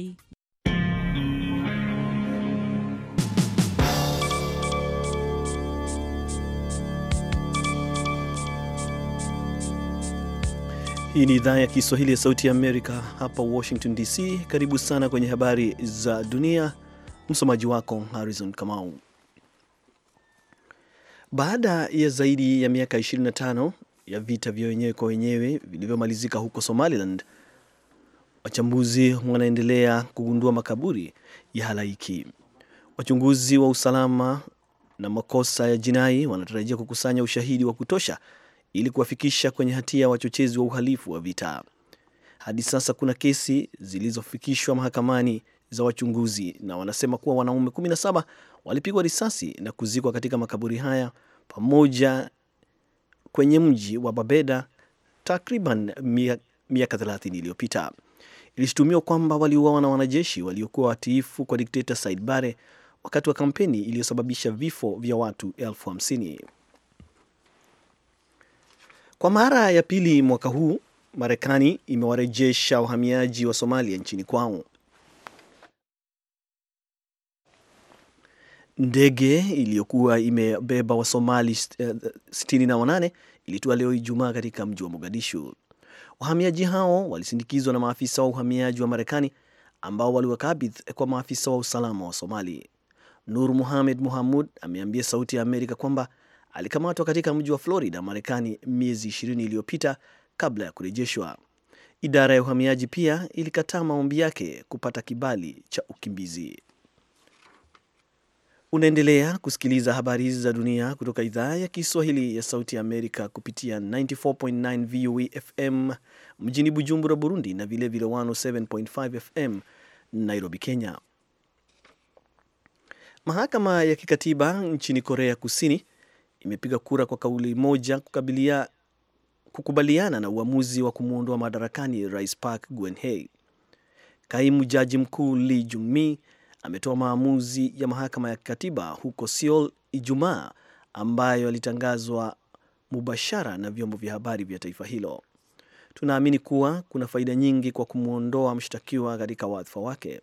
Hii ni idhaa ya Kiswahili ya Sauti ya Amerika hapa Washington DC. Karibu sana kwenye habari za dunia. Msomaji wako Harrison Kamau. Baada ya zaidi ya miaka 25 ya vita vya wenyewe kwa wenyewe vilivyomalizika huko Somaliland, Wachambuzi wanaendelea kugundua makaburi ya halaiki. Wachunguzi wa usalama na makosa ya jinai wanatarajia kukusanya ushahidi wa kutosha ili kuwafikisha kwenye hatia ya wachochezi wa uhalifu wa vita. Hadi sasa kuna kesi zilizofikishwa mahakamani za wachunguzi na wanasema kuwa wanaume 17 walipigwa risasi na kuzikwa katika makaburi haya pamoja kwenye mji wa Babeda takriban miaka 30 iliyopita ilishutumiwa kwamba waliuawa na wanajeshi waliokuwa watiifu kwa dikteta Said Bare wakati wa kampeni iliyosababisha vifo vya watu elfu hamsini. Kwa mara ya pili mwaka huu, Marekani imewarejesha wahamiaji wa Somalia nchini kwao. Ndege iliyokuwa imebeba Wasomali 68 eh, ilitua leo Ijumaa katika mji wa Mogadishu. Wahamiaji hao walisindikizwa na maafisa wa uhamiaji wa Marekani ambao waliwakabidh kwa maafisa wa usalama wa Somali. Nur Muhamed Muhamud ameambia Sauti ya Amerika kwamba alikamatwa katika mji wa Florida, Marekani, miezi 20 iliyopita kabla ya kurejeshwa. Idara ya uhamiaji pia ilikataa maombi yake kupata kibali cha ukimbizi. Unaendelea kusikiliza habari hizi za dunia kutoka idhaa ya Kiswahili ya Sauti ya Amerika kupitia 94.9 VOA FM mjini Bujumbura, Burundi, na vilevile 107.5 FM Nairobi, Kenya. Mahakama ya kikatiba nchini Korea Kusini imepiga kura kwa kauli moja kukabilia, kukubaliana na uamuzi wa kumwondoa madarakani Rais Park Geun-hye. Kaimu jaji mkuu Lee jung ametoa maamuzi ya mahakama ya kikatiba huko Seoul Ijumaa ambayo yalitangazwa mubashara na vyombo vya habari vya taifa hilo. Tunaamini kuwa kuna faida nyingi kwa kumwondoa mshtakiwa katika wadhifa wake.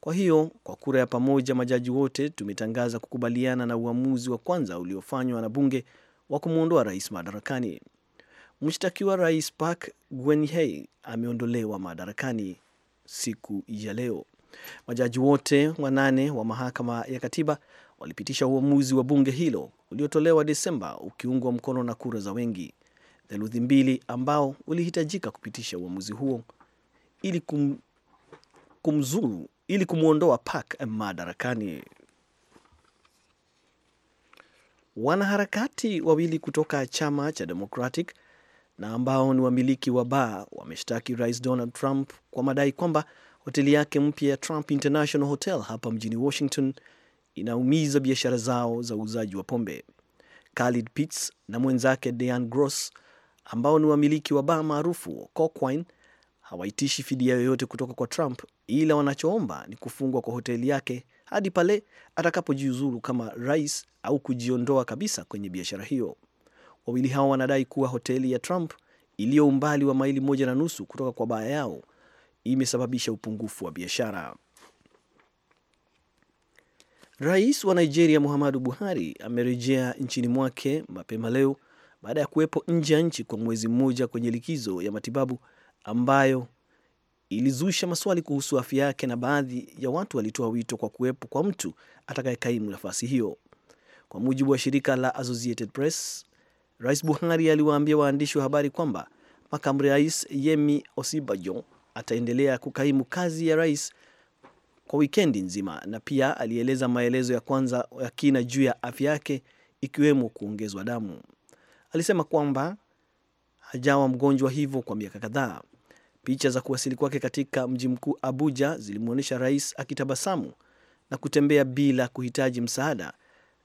Kwa hiyo kwa kura ya pamoja, majaji wote tumetangaza kukubaliana na uamuzi wa kwanza uliofanywa na bunge wa kumwondoa rais madarakani. Mshtakiwa Rais Park Geun-hye ameondolewa madarakani siku ya leo. Majaji wote wanane wa mahakama ya katiba walipitisha uamuzi wa bunge hilo uliotolewa Desemba ukiungwa mkono na kura za wengi theluthi mbili, ambao ulihitajika kupitisha uamuzi huo ili kum, kumzuru ili kumwondoa Park madarakani. Wanaharakati wawili kutoka chama cha Democratic na ambao ni wamiliki wa baa wameshtaki Rais Donald Trump kwa madai kwamba Hoteli yake mpya ya Trump International Hotel hapa mjini Washington inaumiza biashara zao za uuzaji wa pombe. Khalid Pitts na mwenzake Dean Gross ambao ni wamiliki wa baa maarufu Coquine hawaitishi fidia yoyote kutoka kwa Trump, ila wanachoomba ni kufungwa kwa hoteli yake hadi pale atakapojiuzuru kama rais au kujiondoa kabisa kwenye biashara hiyo. Wawili hao wanadai kuwa hoteli ya Trump iliyo umbali wa maili moja na nusu kutoka kwa baa yao imesababisha upungufu wa biashara. Rais wa Nigeria Muhammadu Buhari amerejea nchini mwake mapema leo baada ya kuwepo nje ya nchi kwa mwezi mmoja kwenye likizo ya matibabu ambayo ilizusha maswali kuhusu afya yake na baadhi ya watu walitoa wito kwa kuwepo kwa mtu atakayekaimu nafasi hiyo. Kwa mujibu wa shirika la Associated Press, Rais Buhari aliwaambia waandishi wa habari kwamba makamu rais Yemi Osibajo ataendelea kukaimu kazi ya rais kwa wikendi nzima, na pia alieleza maelezo ya kwanza ya kina juu ya afya yake ikiwemo kuongezwa damu. Alisema kwamba hajawa mgonjwa hivyo kwa miaka kadhaa. Picha za kuwasili kwake katika mji mkuu Abuja zilimwonyesha rais akitabasamu na kutembea bila kuhitaji msaada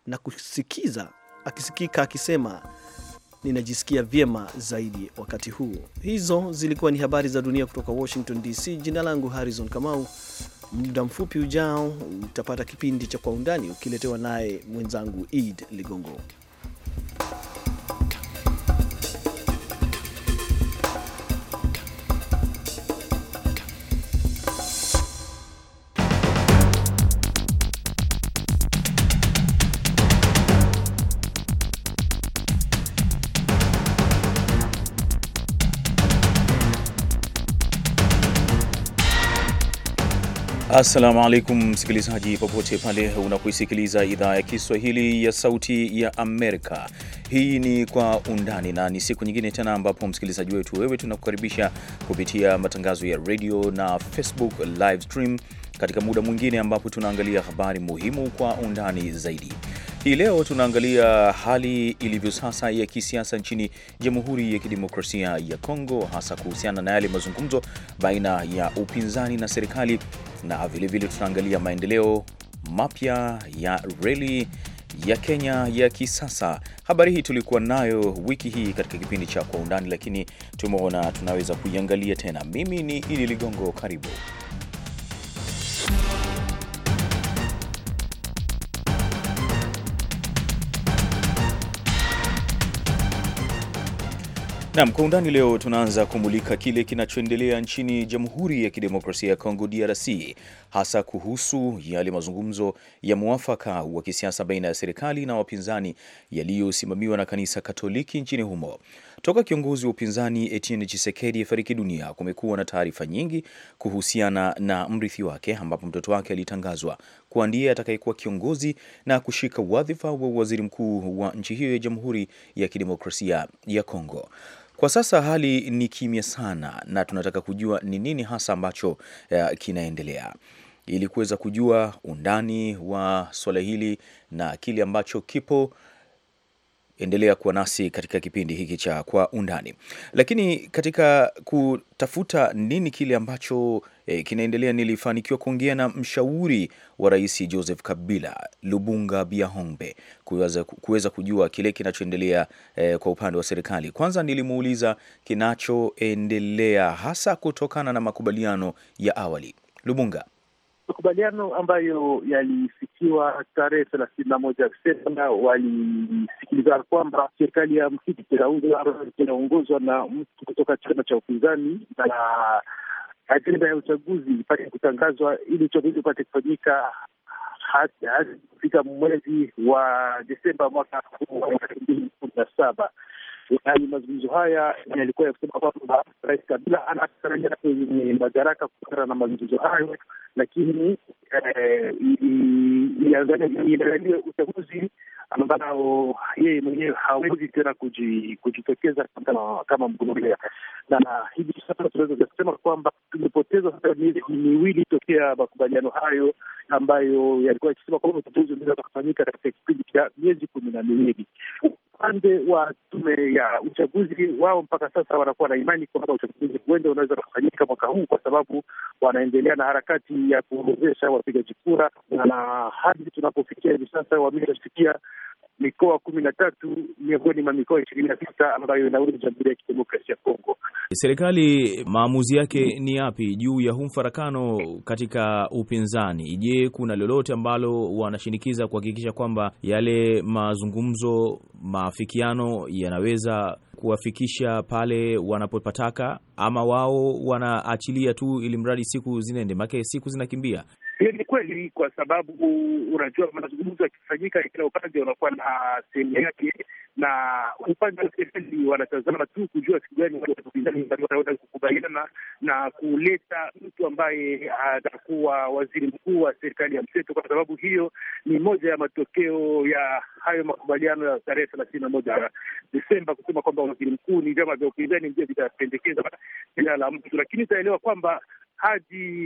na kusikiza akisikika akisema ninajisikia vyema zaidi wakati huu. Hizo zilikuwa ni habari za dunia kutoka Washington DC. Jina langu Harrison Kamau. Muda mfupi ujao utapata kipindi cha Kwa Undani ukiletewa naye mwenzangu Ed Ligongo. Assalamu alaikum msikilizaji, popote pale unapoisikiliza idhaa ya Kiswahili ya Sauti ya Amerika. Hii ni Kwa Undani na ni siku nyingine tena ambapo msikilizaji wetu, wewe tunakukaribisha kupitia matangazo ya radio na Facebook live stream katika muda mwingine ambapo tunaangalia habari muhimu kwa undani zaidi. Hii leo tunaangalia hali ilivyo sasa ya kisiasa nchini Jamhuri ya Kidemokrasia ya Kongo, hasa kuhusiana na yale mazungumzo baina ya upinzani na serikali, na vilevile tunaangalia maendeleo mapya ya reli ya Kenya ya kisasa. Habari hii tulikuwa nayo wiki hii katika kipindi cha Kwa Undani, lakini tumeona tunaweza kuiangalia tena. Mimi ni Idi Ligongo, karibu. Nam kwa undani leo tunaanza kumulika kile kinachoendelea nchini Jamhuri ya Kidemokrasia ya Kongo DRC, hasa kuhusu yale mazungumzo ya mwafaka wa kisiasa baina ya serikali na wapinzani yaliyosimamiwa na kanisa Katoliki nchini humo. Toka kiongozi wa upinzani Etienne chisekedi afariki dunia, kumekuwa na taarifa nyingi kuhusiana na mrithi wake, ambapo mtoto wake alitangazwa kuwa ndiye atakayekuwa kiongozi na kushika wadhifa wa waziri mkuu wa nchi hiyo ya Jamhuri ya Kidemokrasia ya Kongo. Kwa sasa hali ni kimya sana, na tunataka kujua ni nini hasa ambacho uh, kinaendelea ili kuweza kujua undani wa suala hili na kile ambacho kipo Endelea kuwa nasi katika kipindi hiki cha Kwa Undani. Lakini katika kutafuta nini kile ambacho e, kinaendelea, nilifanikiwa kuongea na mshauri wa Rais Joseph Kabila, Lubunga Biahombe, kuweza kujua kile kinachoendelea e, kwa upande wa serikali. Kwanza nilimuuliza kinachoendelea hasa kutokana na makubaliano ya awali. Lubunga makubaliano ambayo yalifikiwa tarehe thelathini na moja Desemba walisikiliza kwamba serikali ya Mkiti inaongozwa na mtu kutoka chama cha upinzani na ajenda ya uchaguzi ipate kutangazwa ili uchaguzi upate kufanyika hadi kufika mwezi wa Desemba mwaka huu elfu mbili kumi na saba. Mazungumzo haya yalikuwa kusema kwamba Rais Kabila anatarajia kwenye madaraka kutokana na mazungumzo hayo, lakini eh, iangaliwe uchaguzi ambao yeye mwenyewe hawezi tena kujitokeza kama mgombea. Na hivi sasa tunaweza kusema kwamba tumepoteza sasa miezi miwili tokea makubaliano hayo ambayo yalikuwa yakisema kwamba uchaguzi unaweza kufanyika katika kipindi cha miezi kumi na miwili upande wa tume ya uchaguzi wao. Mpaka sasa wanakuwa na imani kwamba uchaguzi huenda unaweza kufanyika mwaka huu, kwa sababu wanaendelea na harakati ya kuorodhesha wapigaji kura, na hadi tunapofikia hivi sasa wameshafikia mikoa kumi na tatu miongoni mwa mikoa ishirini na tisa ambayo inaunda Jamhuri ya Kidemokrasia ya Kongo. Serikali maamuzi yake ni yapi juu ya huu mfarakano katika upinzani? Je, kuna lolote ambalo wanashinikiza kuhakikisha kwamba yale mazungumzo, maafikiano yanaweza kuweza kuwafikisha pale wanapopataka, ama wao wanaachilia tu ili mradi siku zinaende, maake siku zinakimbia. Hiyo ni kweli, kwa sababu unajua mazungumzo yakifanyika, kila upande unakuwa na sehemu yake, na upande wa serikali wanatazama tu kujua siku gani wanaweza kukubaliana na kuleta mtu ambaye atakuwa waziri mkuu wa serikali ya mseto, kwa sababu hiyo ni moja ya matokeo ya hayo makubaliano ya tarehe thelathini na moja Desemba kusema kwamba waziri mkuu ni vyama vya upinzani ndio vitapendekeza jina la mtu, lakini itaelewa kwamba hadi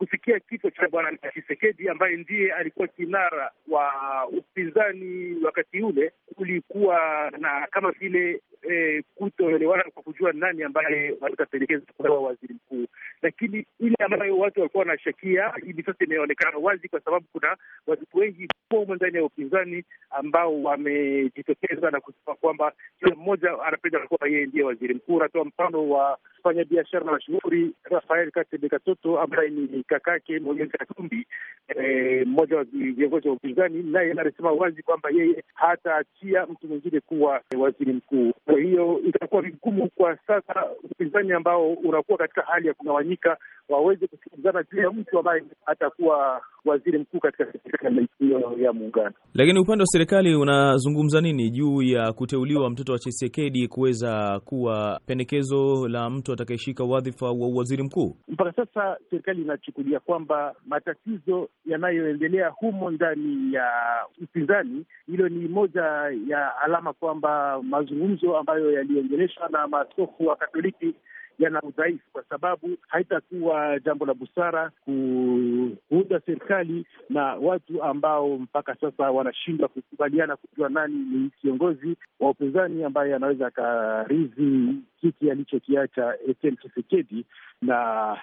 kufikia kifo cha bwana Tshisekedi ambaye ndiye alikuwa kinara wa upinzani wakati ule, kulikuwa na kama vile eh, kutoelewana kwa kujua nani ambaye watapendekeza kuwa waziri mkuu lakini ile ambayo watu walikuwa wanashakia hivi sasa imeonekana wazi, kwa sababu kuna watu wengi humo ndani ya upinzani ambao wamejitokeza na kusema kwamba kila mmoja anapenda kuwa yeye ndiye waziri mkuu. Anatoa mfano wa fanya biashara mashuhuri Rafael Katebe Katoto ambaye ni kakake Moise Katumbi, eh, mmoja wa viongozi wa upinzani, naye anasema wazi kwamba yeye hataachia mtu mwingine kuwa waziri mkuu. Kwa hiyo itakuwa vigumu kwa sasa upinzani ambao unakuwa katika hali ya kugawanyika kufanyika waweze kusikilizana juu ya mtu ambaye atakuwa waziri mkuu katika serikali hiyo ya muungano. Lakini upande wa serikali unazungumza nini juu ya kuteuliwa mtoto wa Chisekedi kuweza kuwa pendekezo la mtu atakayeshika wadhifa wa waziri mkuu? Mpaka sasa serikali inachukulia kwamba matatizo yanayoendelea humo ndani ya upinzani, hilo ni moja ya alama kwamba mazungumzo ambayo yaliendeleshwa na maaskofu wa Katoliki yana udhaifu, kwa sababu haitakuwa jambo la busara kuunda serikali na watu ambao mpaka sasa wanashindwa kukubaliana kujua nani ni kiongozi wa upinzani ambaye anaweza akarithi kiti alichokiacha Etienne Tshisekedi, na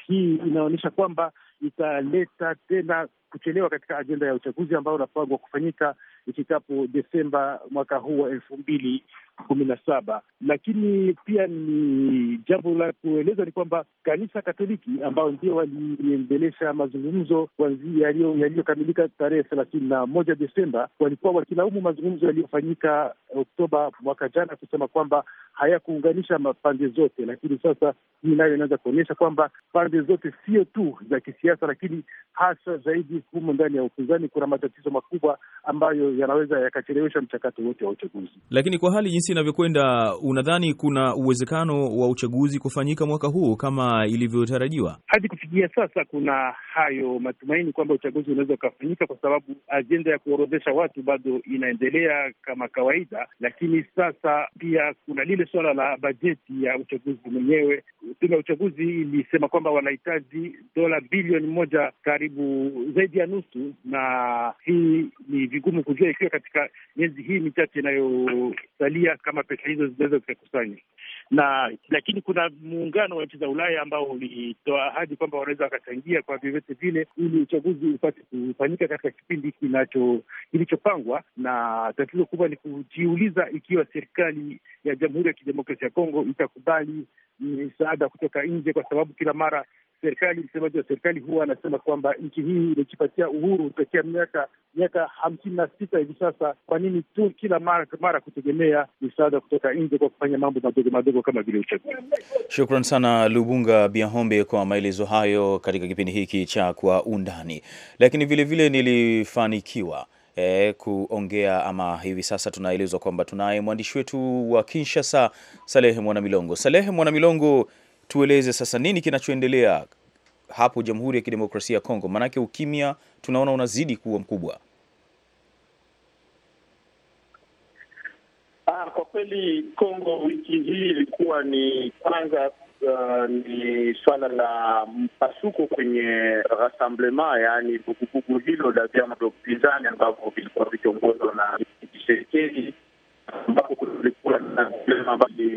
hii inaonyesha kwamba italeta tena kuchelewa katika ajenda ya uchaguzi ambao unapangwa kufanyika ifikapo Desemba mwaka huu wa elfu mbili kumi na saba. Lakini pia ni jambo la kueleza ni kwamba kanisa Katoliki ambao ndio waliendelesha mazungumzo kuanzia yaliyokamilika tarehe thelathini na moja Desemba walikuwa wakilaumu mazungumzo yaliyofanyika Oktoba mwaka jana, kusema kwamba hayakuunganisha pande zote, lakini sasa hii nayo inaweza kuonyesha kwamba pande zote sio tu za kisiasa kisiasa, lakini hasa zaidi humo ndani ya upinzani kuna matatizo makubwa ambayo yanaweza yakachelewesha mchakato wote wa uchaguzi. Lakini kwa hali jinsi inavyokwenda, unadhani kuna uwezekano wa uchaguzi kufanyika mwaka huu kama ilivyotarajiwa? Hadi kufikia sasa kuna hayo matumaini kwamba uchaguzi unaweza ukafanyika, kwa sababu ajenda ya kuorodhesha watu bado inaendelea kama kawaida. Lakini sasa pia kuna lile suala la bajeti ya uchaguzi mwenyewe. Tume ya uchaguzi ilisema kwamba wanahitaji dola bilioni milioni moja, karibu zaidi ya nusu, na hii ni vigumu kujua ikiwa katika miezi hii michache inayosalia kama pesa hizo zinaweza zikakusanywa na lakini kuna muungano wa nchi za Ulaya ambao ulitoa ahadi kwamba wanaweza wakachangia kwa vyovyote vile ili uchaguzi upate kufanyika katika kipindi kinacho kilichopangwa. Na tatizo kubwa ni kujiuliza ikiwa serikali ya Jamhuri ya Kidemokrasia ya Kongo itakubali misaada kutoka nje, kwa sababu kila mara serikali, msemaji wa serikali huwa anasema kwamba nchi hii imejipatia uhuru pekee miaka miaka hamsini na sita hivi sasa. Kwa nini tu kila mara mara kutegemea misaada kutoka nje kwa kufanya mambo madogo madogo kama vile uchaguzi? Shukran sana Lubunga Biahombe kwa maelezo hayo katika kipindi hiki cha Kwa Undani. Lakini vilevile nilifanikiwa E, kuongea ama hivi sasa tunaelezwa kwamba tunaye mwandishi wetu wa Kinshasa Salehe Mwanamilongo. Salehe Mwanamilongo tueleze sasa nini kinachoendelea hapo Jamhuri ya Kidemokrasia ya Kongo, maanake ukimya tunaona unazidi kuwa mkubwa. Ah, kwa kweli Kongo wiki hii ilikuwa ni kwanza Uh, ni swala la mpasuko kwenye rassemblement, yaani vuguvugu hilo la vyama vya upinzani ambavyo vilikuwa vikiongozwa na Tshisekedi, ambapo kulikuwa na vilema ambavyo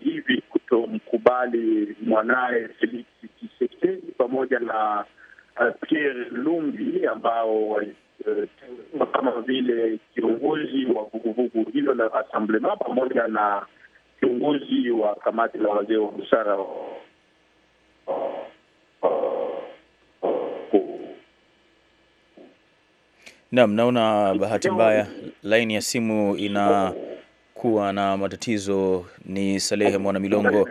hivi bali mwanaye Felix Tshisekedi pamoja na uh, Pierre Lumbi ambao waliteuliwa uh, kama vile kiongozi wa vuguvugu hilo la Asamblema pamoja na kiongozi wa kamati la wazee wa busara Naam, naona bahati mbaya laini ya simu inakuwa na matatizo. Ni Salehe Mwana Milongo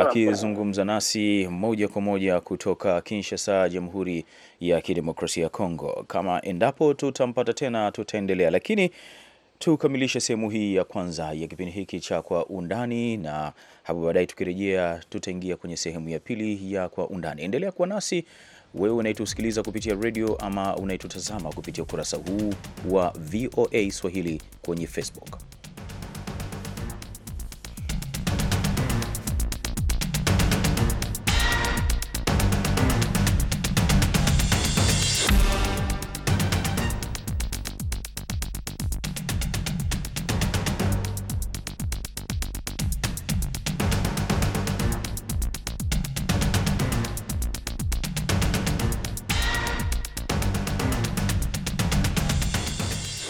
akizungumza nasi moja kwa moja kutoka Kinshasa, Jamhuri ya Kidemokrasia ya Kongo. Kama endapo tutampata tena, tutaendelea, lakini tukamilishe sehemu hii ya kwanza ya kipindi hiki cha Kwa Undani, na hapo baadaye tukirejea, tutaingia kwenye sehemu ya pili ya Kwa Undani. Endelea kuwa nasi wewe unaitusikiliza kupitia redio ama unaitutazama kupitia ukurasa huu wa VOA Swahili kwenye Facebook.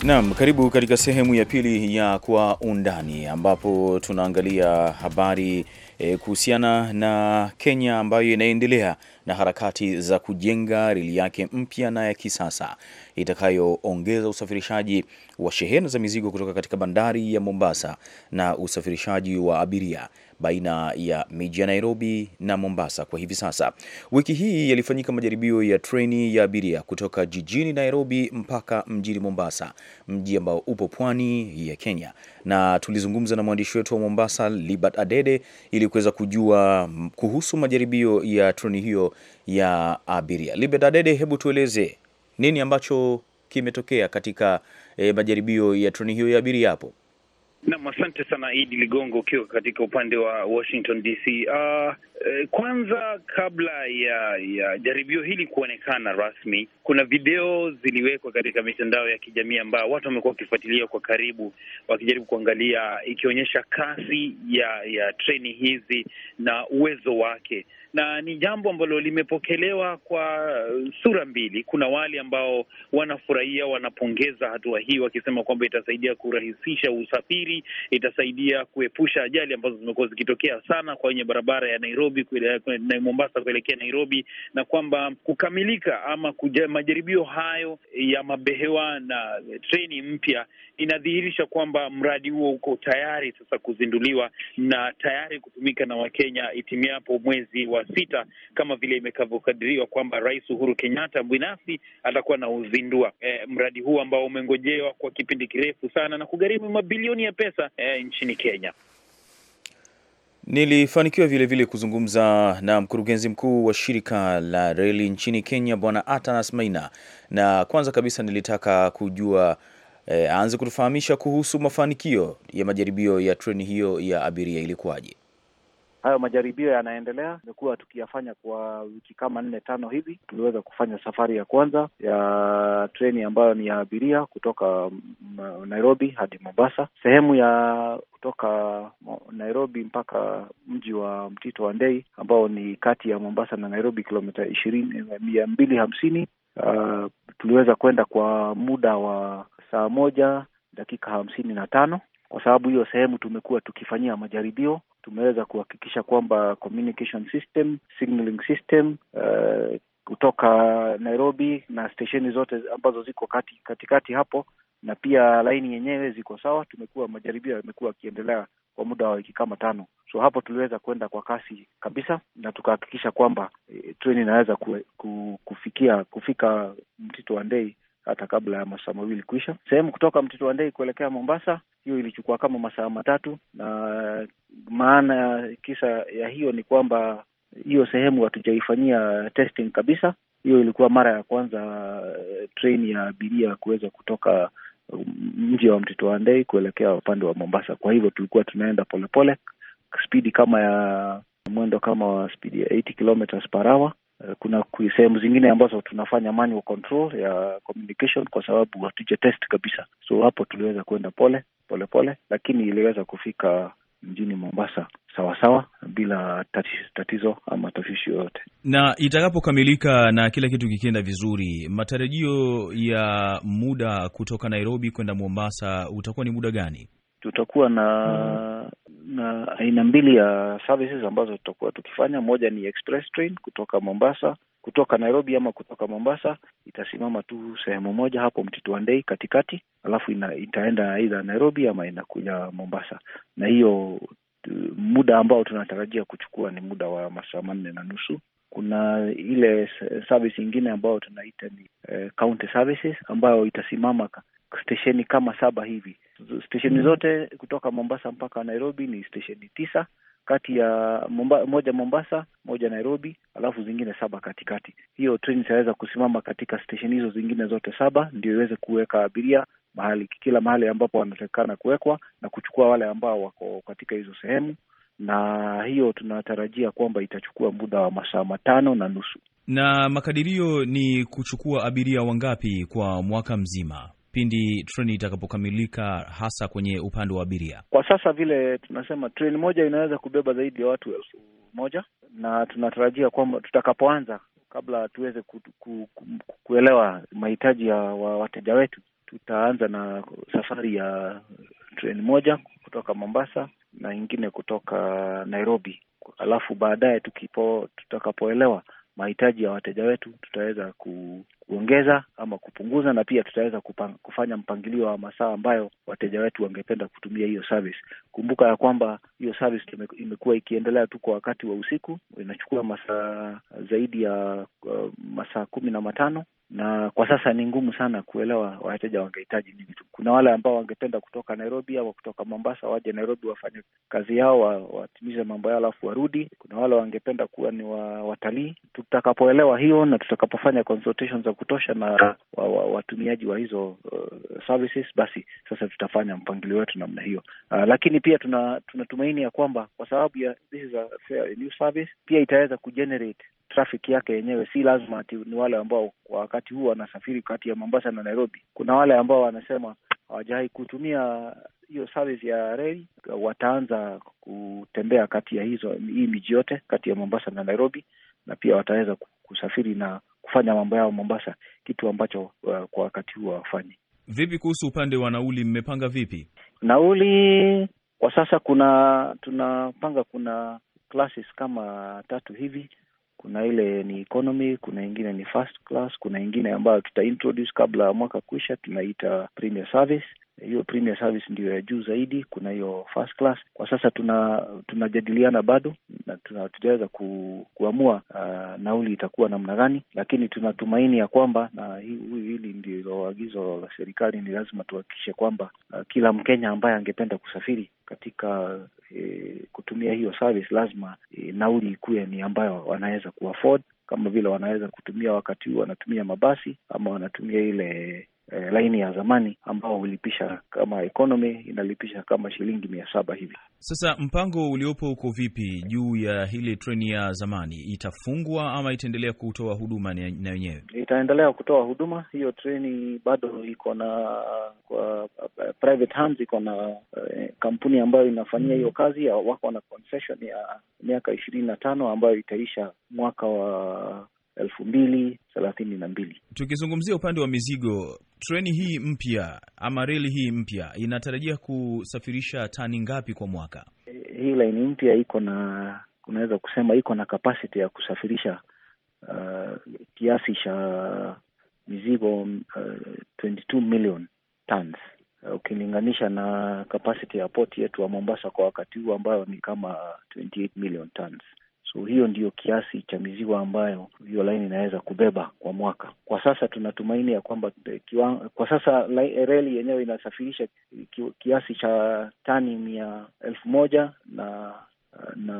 Naam, karibu katika sehemu ya pili ya Kwa Undani ambapo tunaangalia habari e, kuhusiana na Kenya ambayo inaendelea na harakati za kujenga reli yake mpya na ya kisasa itakayoongeza usafirishaji wa shehena za mizigo kutoka katika bandari ya Mombasa na usafirishaji wa abiria baina ya miji ya Nairobi na Mombasa. Kwa hivi sasa, wiki hii yalifanyika majaribio ya treni ya abiria kutoka jijini Nairobi mpaka mjini Mombasa, mji ambao upo pwani ya Kenya, na tulizungumza na mwandishi wetu wa Mombasa Libert Adede ili ili kuweza kujua kuhusu majaribio ya treni hiyo ya abiria. Libedadede, hebu tueleze nini ambacho kimetokea katika eh, majaribio ya treni hiyo ya abiria hapo? Nam, asante sana Idi Ligongo, ukiwa katika upande wa Washington DC. Uh, ah, Eh, kwanza, kabla ya ya jaribio hili kuonekana rasmi, kuna video ziliwekwa katika mitandao ya kijamii ambayo watu wamekuwa wakifuatilia kwa karibu, wakijaribu kuangalia, ikionyesha kasi ya ya treni hizi na uwezo wake, na ni jambo ambalo limepokelewa kwa sura mbili. Kuna wale ambao wanafurahia, wanapongeza hatua hii, wakisema kwamba itasaidia kurahisisha usafiri, itasaidia kuepusha ajali ambazo zimekuwa zikitokea sana kwenye barabara ya Nairobi Nairobi kwele, Mombasa kuelekea Nairobi, na kwamba kukamilika ama kuja, majaribio hayo ya mabehewa na treni mpya inadhihirisha kwamba mradi huo uko tayari sasa kuzinduliwa na tayari kutumika na Wakenya itimiapo mwezi wa sita, kama vile imekavyokadiriwa kwamba Rais Uhuru Kenyatta binafsi atakuwa na uzindua e, mradi huu ambao umengojewa kwa kipindi kirefu sana na kugharimu mabilioni ya pesa e, nchini Kenya. Nilifanikiwa vilevile vile kuzungumza na mkurugenzi mkuu wa shirika la reli nchini Kenya, Bwana Atanas Maina, na kwanza kabisa nilitaka kujua eh, aanze kutufahamisha kuhusu mafanikio ya majaribio ya treni hiyo ya abiria ilikuwaje? Hayo majaribio yanaendelea, tumekuwa tukiyafanya kwa wiki kama nne tano hivi. Tuliweza kufanya safari ya kwanza ya treni ambayo ni ya abiria kutoka Nairobi hadi Mombasa, sehemu ya kutoka Nairobi mpaka mji wa Mtito wa Ndei ambao ni kati ya Mombasa na Nairobi, kilomita ishirini mia mbili hamsini. Uh, tuliweza kwenda kwa muda wa saa moja dakika hamsini na tano kwa sababu hiyo sehemu tumekuwa tukifanyia majaribio tumeweza kuhakikisha kwamba communication system, signaling system uh, kutoka Nairobi na stesheni zote ambazo ziko kati katikati hapo na pia laini yenyewe ziko sawa. Tumekuwa majaribio yamekuwa akiendelea kwa muda wa wiki kama tano, so hapo tuliweza kwenda kwa kasi kabisa na tukahakikisha kwamba e, treni inaweza ku, kufikia kufika Mtito wa Ndei hata kabla ya masaa mawili kuisha. Sehemu kutoka Mtito wa Ndei kuelekea Mombasa hiyo ilichukua kama masaa matatu, na maana ya kisa ya hiyo ni kwamba hiyo sehemu hatujaifanyia testing kabisa. Hiyo ilikuwa mara ya kwanza eh, treni ya abiria kuweza kutoka um, mji wa Mtito wa Ndei kuelekea upande wa Mombasa. Kwa hivyo tulikuwa tunaenda polepole, spidi kama ya mwendo kama wa spidi ya 80 kilometers per hour. Eh, kuna sehemu zingine ambazo tunafanya manual control ya communication kwa sababu hatuja test kabisa, so hapo tuliweza kuenda pole, polepole, lakini iliweza kufika mjini Mombasa sawasawa sawa, bila tatizo ama tafishi yoyote. Na itakapokamilika na kila kitu kikienda vizuri, matarajio ya muda kutoka Nairobi kwenda Mombasa utakuwa ni muda gani? Tutakuwa na hmm, na aina mbili ya services ambazo tutakuwa tukifanya. Moja ni express train kutoka Mombasa kutoka Nairobi ama kutoka Mombasa, itasimama tu sehemu moja hapo Mtito wa Ndei katikati, alafu ina, itaenda aidha Nairobi ama inakuja Mombasa. Na hiyo muda ambao tunatarajia kuchukua ni muda wa masaa manne na nusu. Kuna ile service ingine ambayo tunaita ni eh, county services ambayo itasimama stesheni kama saba hivi. Stesheni mm. zote kutoka Mombasa mpaka Nairobi ni stesheni tisa, kati ya moja Mombasa, moja Nairobi, alafu zingine saba katikati. Hiyo treni itaweza kusimama katika stesheni hizo zingine zote saba, ndio iweze kuweka abiria mahali kila mahali ambapo wanatakikana kuwekwa na kuchukua wale ambao wako katika hizo sehemu, na hiyo tunatarajia kwamba itachukua muda wa masaa matano na nusu. Na makadirio ni kuchukua abiria wangapi kwa mwaka mzima? pindi treni itakapokamilika, hasa kwenye upande wa abiria? Kwa sasa vile tunasema treni moja inaweza kubeba zaidi ya watu elfu moja na tunatarajia kwamba tutakapoanza, kabla tuweze ku, ku, ku, kuelewa mahitaji ya wateja wetu, tutaanza na safari ya treni moja kutoka Mombasa na ingine kutoka Nairobi, alafu baadaye tutakapoelewa mahitaji ya wateja wetu, tutaweza kuongeza ama kupunguza, na pia tutaweza kupang, kufanya mpangilio wa masaa ambayo wateja wetu wangependa kutumia hiyo service. Kumbuka ya kwamba hiyo service imekuwa ikiendelea tu kwa wakati wa usiku, inachukua masaa zaidi ya uh, masaa kumi na matano na kwa sasa ni ngumu sana kuelewa wateja wangehitaji nini. Kuna wale ambao wangependa kutoka Nairobi au kutoka Mombasa waje Nairobi wafanye kazi yao, watimize mambo yao, alafu warudi. Kuna wale wangependa kuwa ni wa, watalii. Tutakapoelewa hiyo na tutakapofanya za kutosha na watumiaji wa, watumiaji wa hizo uh, services, basi sasa tutafanya mpangilio wetu namna hiyo. Uh, lakini pia tunatumaini tuna ya kwamba kwa sababu ya this is a fair new service, pia itaweza kugenerate trafik yake yenyewe, si lazima ati ni wale ambao kwa wakati huu wanasafiri kati ya Mombasa na Nairobi. Kuna wale ambao wanasema hawajawahi kutumia hiyo service ya reli, wataanza kutembea kati ya hizo hii miji yote kati ya Mombasa na Nairobi, na pia wataweza kusafiri na kufanya mambo yao Mombasa, kitu ambacho uh, kwa wakati huu hawafanyi. Vipi kuhusu upande wa nauli, mmepanga vipi nauli? Kwa sasa kuna tunapanga kuna classes kama tatu hivi kuna ile ni economy, kuna ingine ni first class, kuna ingine ambayo tuta introduce kabla ya mwaka kuisha, tunaita premier service hiyo premier service ndiyo ya juu zaidi. Kuna hiyo first class. Kwa sasa tuna tunajadiliana bado na hatujaweza ku, kuamua uh, nauli itakuwa namna gani, lakini tunatumaini ya kwamba na huyu hili ndilo agizo la serikali, ni lazima tuhakikishe kwamba uh, kila Mkenya ambaye angependa kusafiri katika uh, kutumia hiyo service lazima uh, nauli ikuwe ni ambayo wanaweza kuafford, kama vile wanaweza kutumia wakati huu wanatumia mabasi ama wanatumia ile eh, laini ya zamani ambao hulipisha kama economy inalipisha kama shilingi mia saba hivi. Sasa mpango uliopo uko vipi juu ya hili treni ya zamani, itafungwa ama itaendelea kutoa huduma na yenyewe? Itaendelea kutoa huduma hiyo. Treni bado iko na kwa private hands, iko na eh, kampuni ambayo inafanyia hiyo mm. kazi. Wako na concession ya miaka ishirini na tano ambayo itaisha mwaka wa elfu mbili thelathini na mbili. Tukizungumzia upande wa mizigo, treni hii mpya ama reli hii mpya inatarajia kusafirisha tani ngapi kwa mwaka? Eh, hii laini mpya iko na, unaweza kusema iko na kapasiti ya kusafirisha uh, kiasi cha mizigo uh, 22 million tons uh, ukilinganisha na kapasiti ya poti yetu ya Mombasa kwa wakati huu ambayo ni kama 28 million tons. So hiyo ndiyo kiasi cha mizigo ambayo hiyo laini inaweza kubeba kwa mwaka. Kwa sasa tunatumaini ya kwamba eh, kiwa, kwa sasa eh, reli yenyewe inasafirisha kiasi cha tani mia elfu moja na na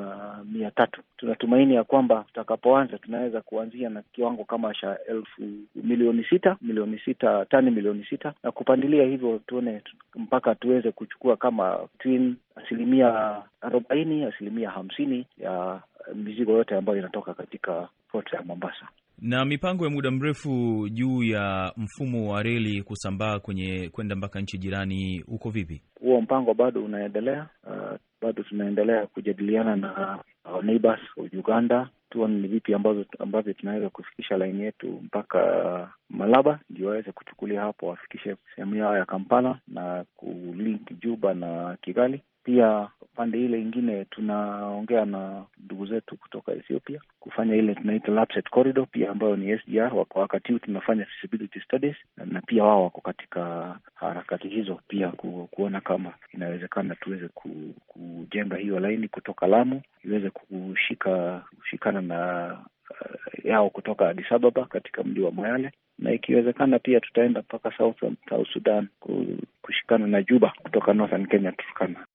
mia tatu. Tunatumaini ya kwamba tutakapoanza tunaweza kuanzia na kiwango kama cha elfu milioni sita milioni sita tani milioni sita na kupandilia hivyo, tuone mpaka tuweze kuchukua kama twin asilimia arobaini asilimia hamsini ya mizigo yote ambayo inatoka katika port ya Mombasa na mipango ya muda mrefu juu ya mfumo wa reli kusambaa kwenye kwenda mpaka nchi jirani uko vipi? Huo mpango bado unaendelea. Uh, bado tunaendelea kujadiliana na uh, neighbors wa Uganda tuone ni vipi ambavyo tunaweza kufikisha laini yetu mpaka uh, Malaba ndio waweze kuchukulia hapo wafikishe sehemu yao ya Kampala na kulink Juba na Kigali. Pia pande ile ingine tunaongea na ndugu zetu kutoka Ethiopia kufanya ile tunaita corridor pia ambayo ni sdr Kwa wakati huu tunafanya feasibility studies, na pia wao wako katika harakati hizo pia ku, kuona kama inawezekana tuweze ku, kujenga hiyo laini kutoka Lamu iweze kushika kushikana na uh, yao kutoka Addis Ababa katika mji wa Moyale na ikiwezekana pia tutaenda mpaka South Sudan kushikana na Juba kutoka Northern Kenya Turkana.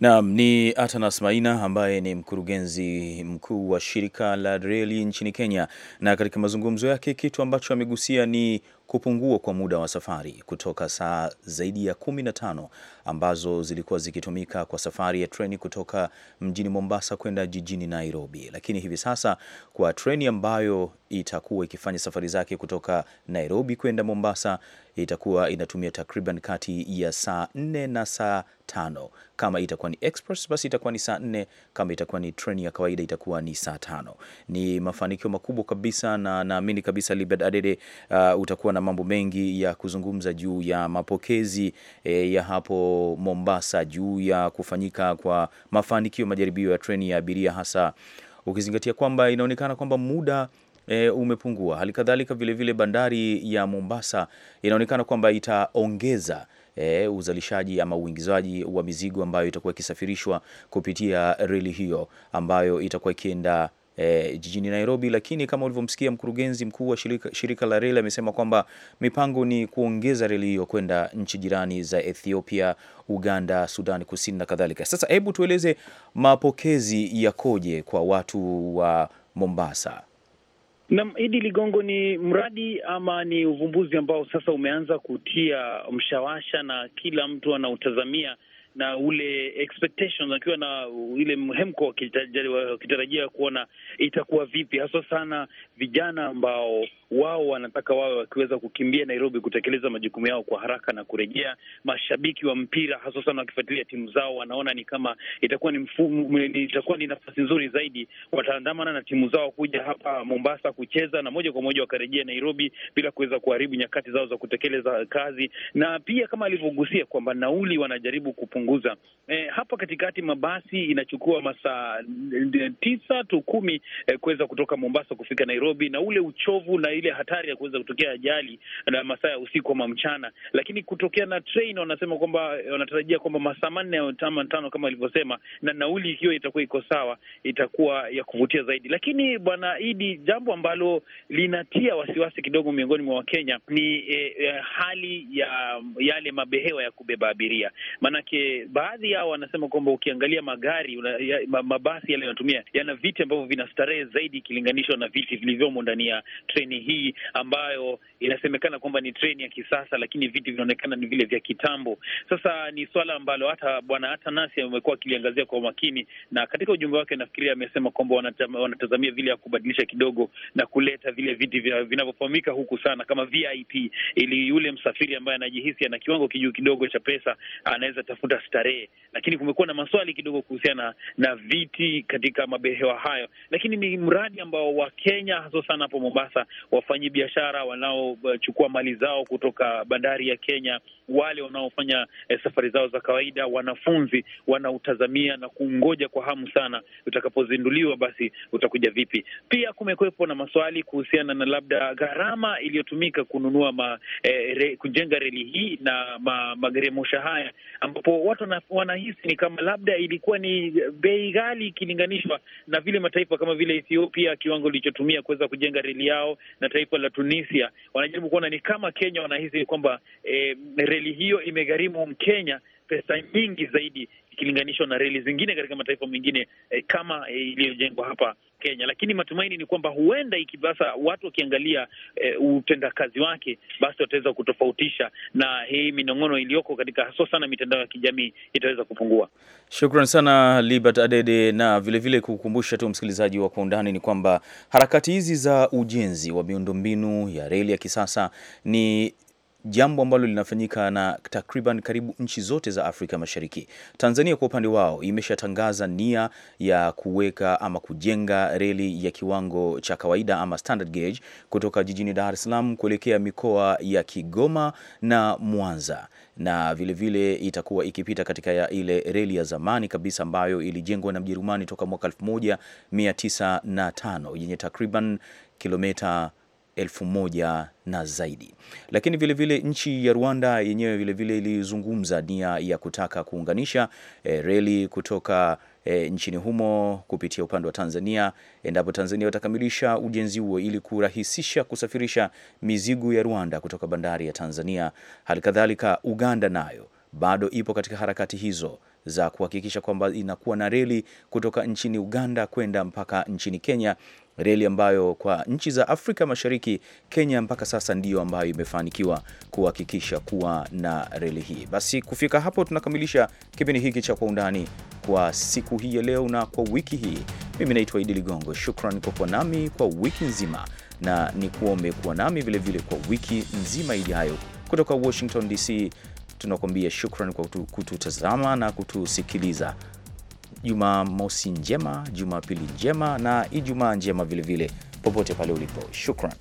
Naam, ni Atanas Maina ambaye ni mkurugenzi mkuu wa shirika la reli nchini Kenya, na katika mazungumzo yake kitu ambacho amegusia ni kupungua kwa muda wa safari kutoka saa zaidi ya 15 ambazo zilikuwa zikitumika kwa safari ya treni kutoka mjini Mombasa kwenda jijini Nairobi, lakini hivi sasa kwa treni ambayo itakuwa ikifanya safari zake kutoka Nairobi kwenda Mombasa itakuwa inatumia takriban kati ya saa 4 na saa tano. Kama itakuwa ni express basi itakuwa ni saa nne, kama itakuwa ni treni ya kawaida itakuwa ni saa tano. Ni mafanikio makubwa kabisa na naamini kabisa Libert Adede, uh, utakuwa na mambo mengi ya kuzungumza juu ya mapokezi e, ya hapo Mombasa juu ya kufanyika kwa mafanikio majaribio ya treni ya abiria hasa ukizingatia kwamba inaonekana kwamba muda e, umepungua. Hali kadhalika vilevile bandari ya Mombasa inaonekana kwamba itaongeza E, uzalishaji ama uingizaji wa mizigo ambayo itakuwa ikisafirishwa kupitia reli hiyo ambayo itakuwa ikienda eh, jijini Nairobi. Lakini kama ulivyomsikia mkurugenzi mkuu wa shirika, shirika la reli amesema kwamba mipango ni kuongeza reli hiyo kwenda nchi jirani za Ethiopia, Uganda, Sudan Kusini na kadhalika. Sasa hebu tueleze mapokezi yakoje kwa watu wa Mombasa? Naam, Idi Ligongo, ni mradi ama ni uvumbuzi ambao sasa umeanza kutia mshawasha na kila mtu anautazamia na ule expectations, akiwa na ile mhemko wakitarajia kuona itakuwa vipi, haswa sana vijana ambao wao wanataka wawe wakiweza kukimbia Nairobi kutekeleza majukumu yao kwa haraka na kurejea. Mashabiki wa mpira hasusan wakifuatilia timu zao wanaona ni kama itakuwa ni mfumo, itakuwa ni nafasi nzuri zaidi, wataandamana na timu zao kuja hapa Mombasa kucheza na moja kwa moja wakarejea Nairobi bila kuweza kuharibu nyakati zao za kutekeleza kazi, na pia kama alivyogusia kwamba nauli wanajaribu kupunguza. E, hapa katikati mabasi inachukua masaa eh, tisa tu kumi e, kuweza kutoka Mombasa kufika Nairobi na ule uchovu na ile hatari ya kuweza kutokea ajali na masaa ya usiku ama mchana, lakini kutokea na train wanasema kwamba wanatarajia kwamba masaa manne au tano kama alivyosema, na nauli hiyo itakuwa iko sawa, itakuwa ya kuvutia zaidi. Lakini bwana Idi, jambo ambalo linatia wasiwasi kidogo miongoni mwa Wakenya ni eh, eh, hali ya yale mabehewa ya kubeba abiria, maanake baadhi yao wanasema kwamba ukiangalia magari una, ya, mabasi yale yanatumia yana viti ambavyo vina starehe zaidi ikilinganishwa na viti vilivyomo ndani ya treni hii ambayo inasemekana kwamba ni treni ya kisasa, lakini viti vinaonekana ni vile vya kitambo. Sasa ni swala ambalo hata bwana Atanasi amekuwa akiliangazia kwa umakini, na katika ujumbe wake nafikiria amesema kwamba wanatazamia vile ya kubadilisha kidogo na kuleta vile viti vinavyofahamika huku sana kama VIP, ili yule msafiri ambaye anajihisi ana kiwango kijuu kidogo cha pesa anaweza tafuta starehe. Lakini kumekuwa na maswali kidogo kuhusiana na viti katika mabehewa hayo, lakini ni mradi ambao Wakenya hasa sana hapo Mombasa wafanyi biashara wanaochukua mali zao kutoka bandari ya Kenya, wale wanaofanya eh, safari zao za kawaida, wanafunzi wanautazamia na kungoja kwa hamu sana utakapozinduliwa, basi utakuja vipi. Pia kumekuwepo na maswali kuhusiana na labda gharama iliyotumika kununua ma, eh, re, kujenga reli hii na ma, magari haya, ambapo watu wanahisi ni kama labda ilikuwa ni bei ghali ikilinganishwa na vile mataifa kama vile Ethiopia, kiwango ilichotumia kuweza kujenga reli yao na na taifa la Tunisia wanajaribu kuona ni kama Kenya wanahisi kwamba e, reli hiyo imegharimu Mkenya pesa nyingi zaidi ikilinganishwa na reli zingine katika mataifa mengine eh, kama eh, iliyojengwa hapa Kenya. Lakini matumaini ni kwamba huenda ikibasa watu wakiangalia eh, utendakazi wake, basi wataweza kutofautisha na hii minong'ono iliyoko katika haswa sana mitandao ya kijamii itaweza kupungua. Shukran sana Libert Adede, na vilevile kukumbusha tu msikilizaji wa Kwa Undani ni kwamba harakati hizi za ujenzi wa miundombinu ya reli ya kisasa ni jambo ambalo linafanyika na takriban karibu nchi zote za Afrika Mashariki. Tanzania kwa upande wao imeshatangaza nia ya kuweka ama kujenga reli ya kiwango cha kawaida ama standard gauge kutoka jijini Dar es Salaam kuelekea mikoa ya Kigoma na Mwanza na vilevile vile itakuwa ikipita katika ya ile reli ya zamani kabisa ambayo ilijengwa na Mjerumani toka mwaka 1905 yenye takriban kilomita elfu moja na zaidi. Lakini vilevile vile nchi ya Rwanda yenyewe vilevile ilizungumza nia ya kutaka kuunganisha e, reli kutoka e, nchini humo kupitia upande wa Tanzania endapo Tanzania watakamilisha ujenzi huo ili kurahisisha kusafirisha mizigo ya Rwanda kutoka bandari ya Tanzania. Halikadhalika Uganda nayo bado ipo katika harakati hizo za kuhakikisha kwamba inakuwa na reli kutoka nchini Uganda kwenda mpaka nchini Kenya reli ambayo kwa nchi za Afrika Mashariki, Kenya mpaka sasa ndiyo ambayo imefanikiwa kuhakikisha kuwa na reli hii. Basi kufika hapo, tunakamilisha kipindi hiki cha Kwa Undani kwa siku hii ya leo na kwa wiki hii. Mimi naitwa Idi Ligongo, shukran kwa kuwa nami kwa wiki nzima, na ni kuombe kuwa nami vilevile vile kwa wiki nzima ijayo. Kutoka Washington DC tunakuambia shukran kwa kututazama na kutusikiliza. Jumamosi njema, Jumapili njema na Ijumaa njema vilevile, popote pale ulipo. Shukran.